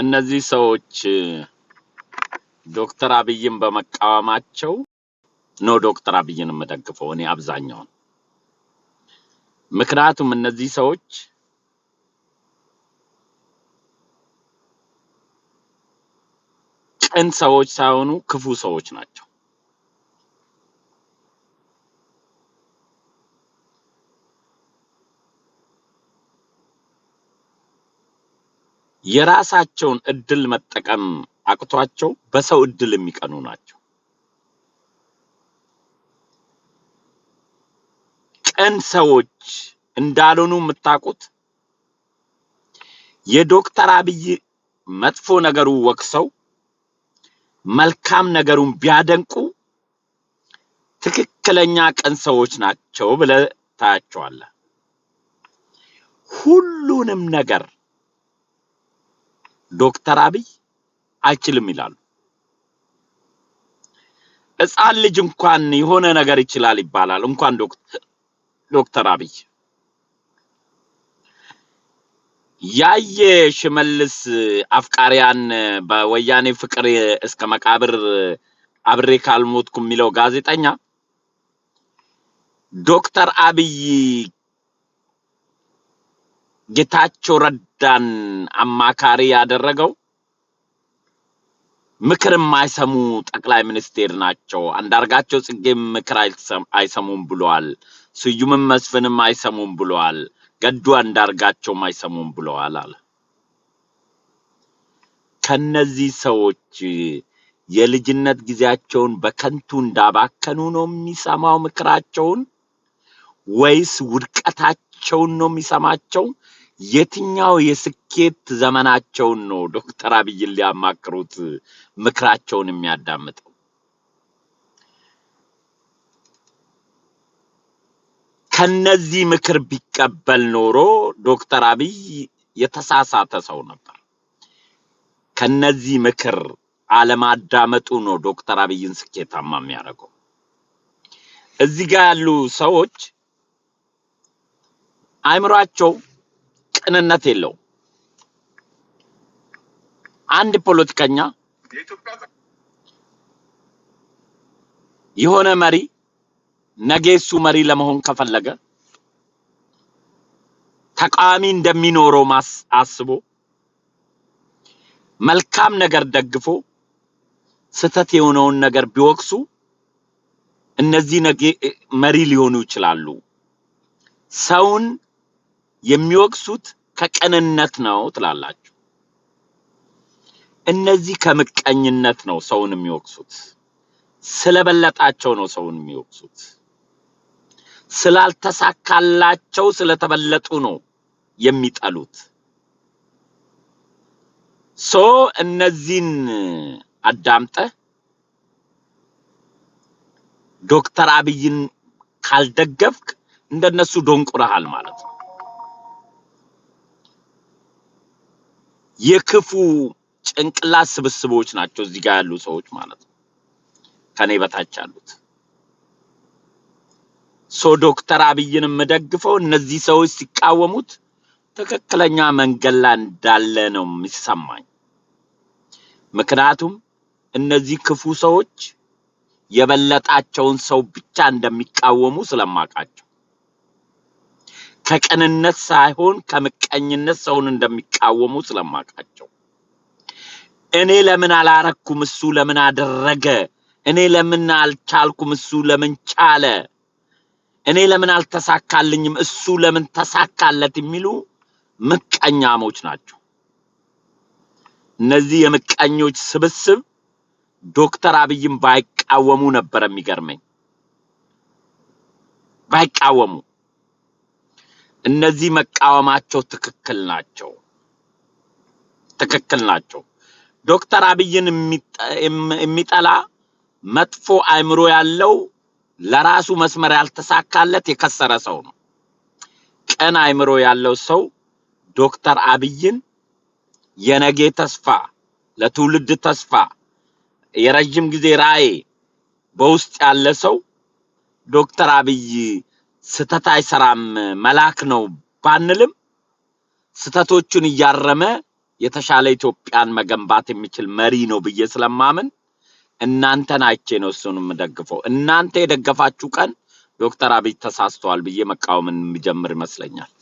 እነዚህ ሰዎች ዶክተር አብይን በመቃወማቸው ነው ዶክተር አብይን የምደግፈው እኔ አብዛኛውን። ምክንያቱም እነዚህ ሰዎች ቅን ሰዎች ሳይሆኑ ክፉ ሰዎች ናቸው። የራሳቸውን እድል መጠቀም አቅቷቸው በሰው እድል የሚቀኑ ናቸው። ቅን ሰዎች እንዳልሆኑ የምታውቁት የዶክተር አብይ መጥፎ ነገሩ ወቅሰው መልካም ነገሩን ቢያደንቁ ትክክለኛ ቅን ሰዎች ናቸው ብለህ ታያቸዋለህ። ሁሉንም ነገር ዶክተር አብይ አይችልም ይላሉ። ህፃን ልጅ እንኳን የሆነ ነገር ይችላል ይባላል። እንኳን ዶክተር አብይ ያየ ሽመልስ አፍቃሪያን በወያኔ ፍቅር እስከ መቃብር አብሬ ካልሞትኩ የሚለው ጋዜጠኛ ዶክተር አብይ ጌታቸው ረዳን አማካሪ ያደረገው ምክር የማይሰሙ ጠቅላይ ሚኒስቴር ናቸው። አንዳርጋቸው ጽጌም ምክር አይሰሙም ብለዋል። ስዩምም መስፍንም አይሰሙም ብለዋል። ገዱ አንዳርጋቸውም አይሰሙም ብለዋል አለ። ከነዚህ ሰዎች የልጅነት ጊዜያቸውን በከንቱ እንዳባከኑ ነው የሚሰማው ምክራቸውን ወይስ ውድቀታቸው ድምጻቸውን ነው የሚሰማቸው? የትኛው የስኬት ዘመናቸውን ነው ዶክተር አብይን ሊያማክሩት ምክራቸውን የሚያዳምጠው? ከነዚህ ምክር ቢቀበል ኖሮ ዶክተር አብይ የተሳሳተ ሰው ነበር። ከነዚህ ምክር አለማዳመጡ ነው ዶክተር አብይን ስኬታማ የሚያደርገው። እዚህ ጋር ያሉ ሰዎች አይምሯቸው ቅንነት የለው አንድ ፖለቲከኛ የሆነ መሪ ነገ እሱ መሪ ለመሆን ከፈለገ ተቃዋሚ እንደሚኖረው ማስ አስቦ መልካም ነገር ደግፎ ስህተት የሆነውን ነገር ቢወቅሱ እነዚህ ነገ መሪ ሊሆኑ ይችላሉ። ሰውን የሚወቅሱት ከቅንነት ነው ትላላችሁ። እነዚህ ከምቀኝነት ነው ሰውን የሚወቅሱት። ስለበለጣቸው ነው ሰውን የሚወቅሱት። ስላልተሳካላቸው ስለተበለጡ ነው የሚጠሉት። ሶ እነዚህን አዳምጠ ዶክተር አብይን ካልደገፍክ እንደነሱ ዶንቁረሃል ማለት ነው። የክፉ ጭንቅላት ስብስቦች ናቸው እዚህ ጋር ያሉ ሰዎች ማለት ነው፣ ከኔ በታች ያሉት። ሶ ዶክተር አብይን የምደግፈው እነዚህ ሰዎች ሲቃወሙት ትክክለኛ መንገድ ላይ እንዳለ ነው የሚሰማኝ። ምክንያቱም እነዚህ ክፉ ሰዎች የበለጣቸውን ሰው ብቻ እንደሚቃወሙ ስለማውቃቸው ከቅንነት ሳይሆን ከምቀኝነት ሰውን እንደሚቃወሙ ስለማውቃቸው እኔ ለምን አላረኩም እሱ ለምን አደረገ እኔ ለምን አልቻልኩም እሱ ለምን ቻለ እኔ ለምን አልተሳካልኝም እሱ ለምን ተሳካለት የሚሉ ምቀኛሞች ናቸው እነዚህ የምቀኞች ስብስብ ዶክተር አብይም ባይቃወሙ ነበር የሚገርመኝ ባይቃወሙ እነዚህ መቃወማቸው ትክክል ናቸው ትክክል ናቸው። ዶክተር አብይን የሚጠላ መጥፎ አእምሮ ያለው ለራሱ መስመር ያልተሳካለት የከሰረ ሰው ነው። ቀን አእምሮ ያለው ሰው ዶክተር አብይን የነገ ተስፋ፣ ለትውልድ ተስፋ፣ የረጅም ጊዜ ራዕይ በውስጥ ያለ ሰው ዶክተር አብይ ስተት አይሰራም መልአክ ነው ባንልም ስተቶቹን እያረመ የተሻለ ኢትዮጵያን መገንባት የሚችል መሪ ነው ብዬ ስለማምን እናንተን አይቼ ነው እሱን የምደግፈው። እናንተ የደገፋችሁ ቀን ዶክተር አብይ ተሳስተዋል ብዬ መቃወምን የሚጀምር ይመስለኛል።